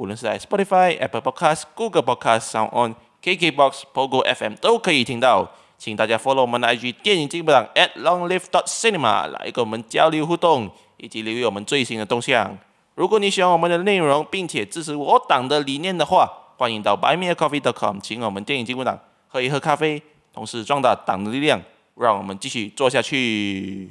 無論是在 Spotify、Apple Podcast、Google Podcast、SoundOn、KKBOX、Pogo FM 都可以聽到。請大家 follow 我們的 IG 電影進步黨 at Long Live Dot Cinema 來跟我們交流互動，以及留意我們最新的動向。如果你喜歡我們的內容並且支持我黨的理念的話，歡迎到 BuyMeACoffee.com 請我們電影進步黨喝一喝咖啡，同時壯大黨的力量，讓我們繼續做下去。